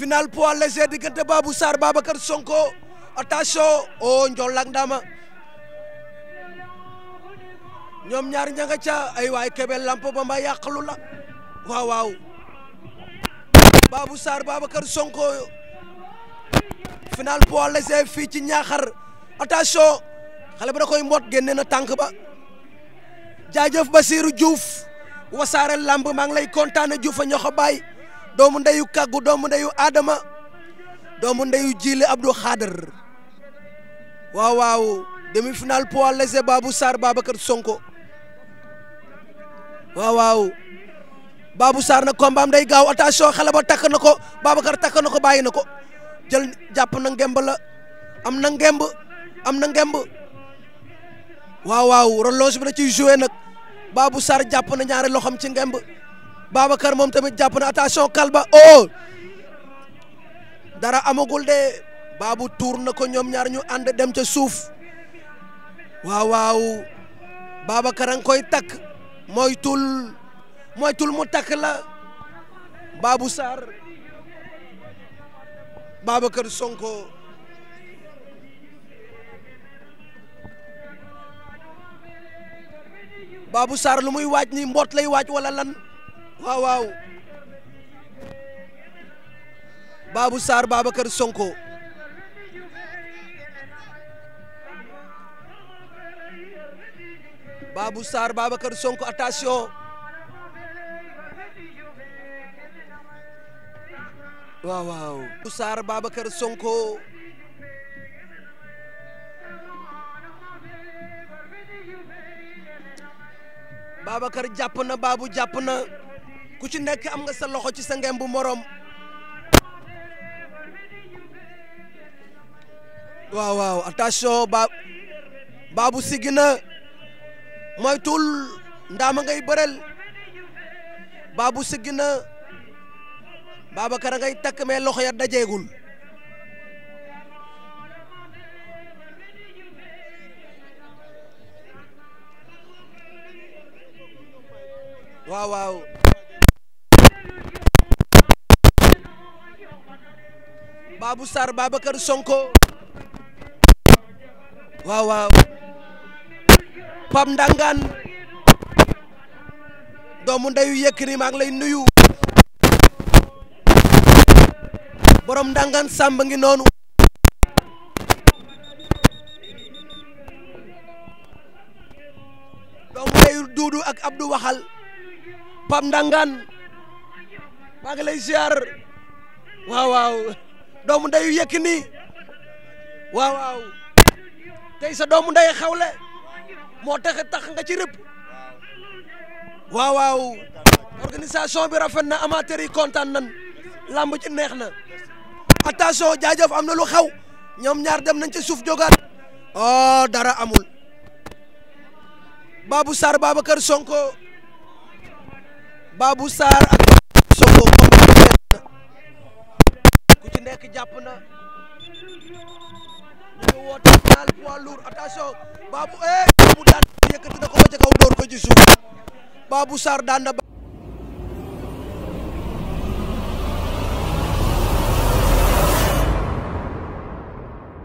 final poids léger diggante Babou Sarr Babacar Sonko attention o oh, Ndiol ak Ndama ñoom ñaar ña ca ay waay Kébé lamp ba mba yàqalu la waaw bu Babou Sarr Babacar Sonko final poids léger fii ci Ñaaxar attention xale ba da koy mbot na tànk ba jaajëf Basirou Diouf wasaare lamb maa ngi lay kontaane Diouf a ñoxo baay doomu ndeyu kàggu doomu dayu Adama doomu ndeyu Jile Abdou Khader waaw waaw demi-finale poids léger Babou Sarr Babacar Sonko waaw waaw Babou Sarr nag kombaam day gaaw attention xale ba takk na ko Babacar takk na ko bàyyi na ko jël jàpp na ngemb la am na ngemb am na ngemb waaw waaw relonge bi da ciy joué nag Babou Sarr jàpp na ñaari loxam ci ngemb baaba kar moom tamit jàpp na attention kalba oh dara amagul de baabu tuur na ko ñoom ñaar ñu ànd dem ca suuf waaw waaw Babacar a ngi koy takk mooy tul mooy tul mu takk la Babou Sarr Babacar Sonko Babou Sarr lu muy waaj ni mboot lay waaj wala lan waaw waaw Babou Sarr Sonko Babou Sarr Babacar Sonko attention waaw waaw Babou Sonko Babacar jàpp na Babou jàpp na ku ci nekk am nga sa loxo ci sa bu moroom waaw waaw attention ba baabu siggi na moytul ndaama ngay bërel baabu siggi na Babacar a ngay takk mais loxo ya dajeegul waaw waaw Babou Sarr Babacar Sonko waaw waaw Pap Ndangaan doomu ndeyu Yékini maa lay nuyu borom Ndangaan Samba ngi noonu doomu ndeyu Duudu ak Waxal Pap Ndangaan maa ngi lay doomu ndeyu Yékini ni waaw tey sa doomu xaw xawle moo tax tax nga ci rëpp waaw waaw bi rafet na amateurs yi kontaan nan lamb ji neex na attention jaajëf am na lu xaw ñoom ñaar dem nañ ci suuf jógaat oh dara amul Babou Sarr kër Sonko baabu Sarr jàpp na ñu ngi woote final poids lourd attention Babou eh Babou daan yëkkati na ko ba ca kaw dóor ko ci suuf Babou Sarr daan na